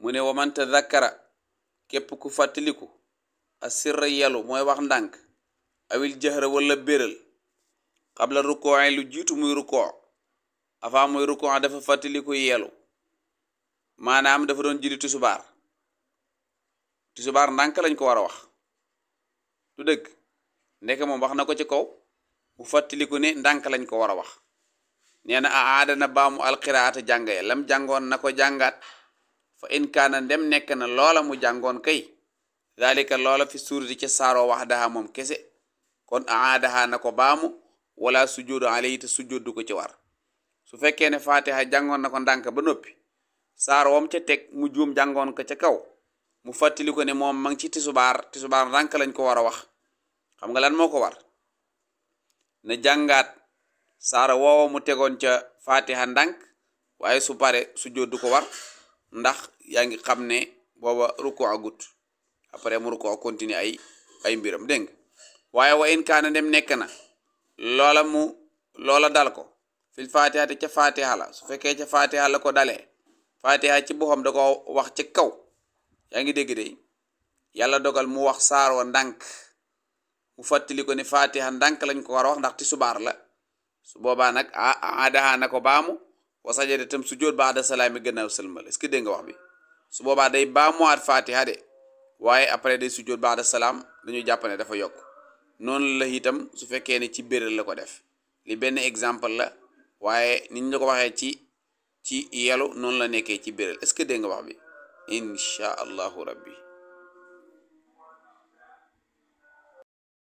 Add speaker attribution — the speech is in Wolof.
Speaker 1: mu ne waman tadakkara képp ku fàttaliku asirra yalu mooy wax ndànk awil jahra wala béral xabla rukoin lu jiitu muy rukoo avant muy rukoo dafa fàttaliku yelu maanaam dafa doon jili tusubaar tusubaar ndànk lañ ko war a wax du dëgg ndeke moom wax na ko ci kaw bu fàttaliku ne ndànk lañ ko war a wax nee na aada na baamu alqiraata jànga lam jàngoon na ko jàngaat fa in kaana ndem nekk na loola mu jàngoon kay dalika loola fi suurati ca saaroo wax daha moom kese kon aadaha na ko baamu wala sujoodu alayhi te sujood du ko ci war su fekkee ne fatiha jàngoon na ko ndànk ba noppi saar wam ca teg mu juum jàngoon ko ca kaw mu fàttali ne moom mang ma ngi ci tisubaar tisubaar ndànk lañ ko war a wax xam nga lan moo ko war na jàngaat saaro woowa mu tegoon ca fatiha ndànk waaye su pare sujood du ko war ndax yaa ngi xam ne booba rukoo agut après mu rukoo continuer ay ay mbiram dégg nga waaye wa in kaana dem nekk na loola mu loola dal ko fil fatiha te ca fatiha la su fekkee ca fatiha la ko dalee fatiha ci boppam da ko wax ci kaw yaa ngi dégg yàlla dogal mu wax saaroo ndànk mu fàttali ko ne fatiha ndànk lañ ko war a wax ndax ti subaar la su boobaa nag aadaha ah, ah, na ko baamu wa sajada tam sujjóot baada salaami gannaaw sëlmal est-ce que dégg nga wax bi su boobaa day baamuwaat faatiha de waaye après day sujjóot baada salaam dañuy jàpp dafa yokk noonu la itam su fekkee ne ci bérél la ko def li benn exemple la waaye niñ la ko waxee ci ci yelu noonu la nekkee ci bérél est-ce que dégg nga wax bi incha allahu rabbi